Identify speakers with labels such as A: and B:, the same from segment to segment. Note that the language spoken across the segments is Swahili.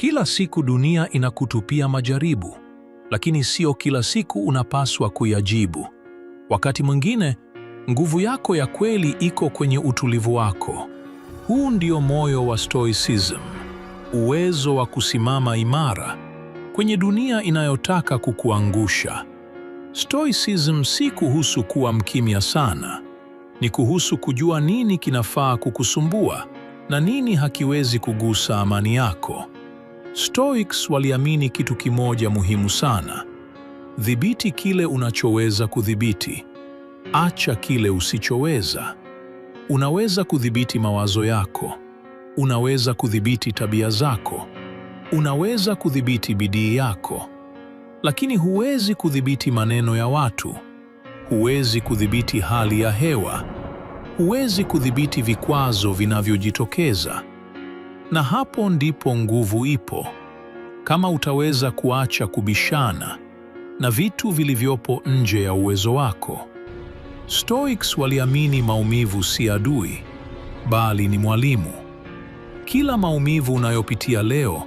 A: Kila siku dunia inakutupia majaribu, lakini sio kila siku unapaswa kuyajibu. Wakati mwingine, nguvu yako ya kweli iko kwenye utulivu wako. Huu ndio moyo wa Stoicism, uwezo wa kusimama imara kwenye dunia inayotaka kukuangusha. Stoicism si kuhusu kuwa mkimya sana, ni kuhusu kujua nini kinafaa kukusumbua na nini hakiwezi kugusa amani yako. Stoics waliamini kitu kimoja muhimu sana: dhibiti kile unachoweza kudhibiti, acha kile usichoweza. Unaweza kudhibiti mawazo yako, unaweza kudhibiti tabia zako, unaweza kudhibiti bidii yako, lakini huwezi kudhibiti maneno ya watu, huwezi kudhibiti hali ya hewa, huwezi kudhibiti vikwazo vinavyojitokeza. Na hapo ndipo nguvu ipo. Kama utaweza kuacha kubishana na vitu vilivyopo nje ya uwezo wako. Stoics waliamini maumivu si adui, bali ni mwalimu. Kila maumivu unayopitia leo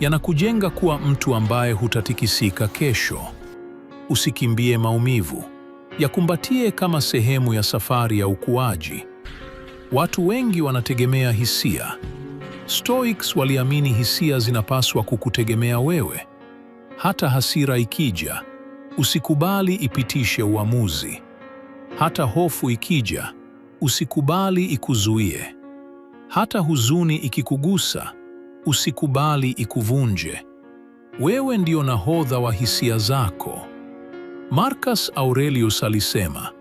A: yanakujenga kuwa mtu ambaye hutatikisika kesho. Usikimbie maumivu, yakumbatie kama sehemu ya safari ya ukuaji. Watu wengi wanategemea hisia Stoics waliamini hisia zinapaswa kukutegemea wewe. Hata hasira ikija, usikubali ipitishe uamuzi. Hata hofu ikija, usikubali ikuzuie. Hata huzuni ikikugusa, usikubali ikuvunje. Wewe ndio nahodha wa hisia zako. Marcus Aurelius alisema,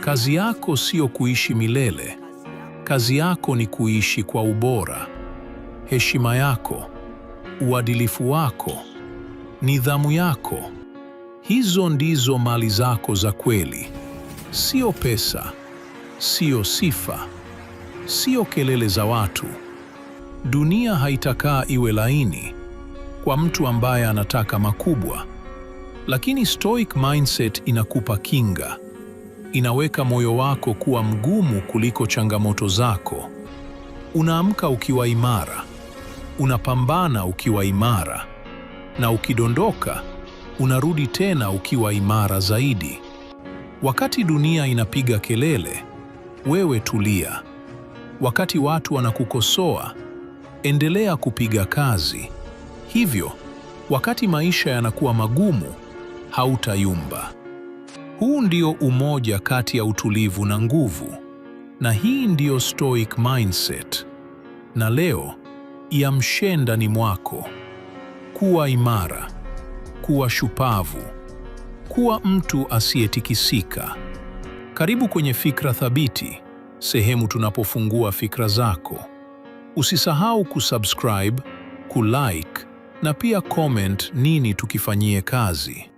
A: kazi yako siyo kuishi milele, kazi yako ni kuishi kwa ubora heshima yako, uadilifu wako, nidhamu yako. Hizo ndizo mali zako za kweli, sio pesa, sio sifa, sio kelele za watu. Dunia haitakaa iwe laini kwa mtu ambaye anataka makubwa, lakini stoic mindset inakupa kinga, inaweka moyo wako kuwa mgumu kuliko changamoto zako. Unaamka ukiwa imara, unapambana ukiwa imara, na ukidondoka unarudi tena ukiwa imara zaidi. Wakati dunia inapiga kelele, wewe tulia. Wakati watu wanakukosoa, endelea kupiga kazi. Hivyo, wakati maisha yanakuwa magumu, hautayumba. Huu ndio umoja kati ya utulivu na nguvu, na hii ndiyo stoic mindset. Na leo mshenda ndani mwako. Kuwa imara, kuwa shupavu, kuwa mtu asiyetikisika. Karibu kwenye Fikra Thabiti, sehemu tunapofungua fikra zako. Usisahau kusubscribe, kulike na pia comment nini tukifanyie kazi.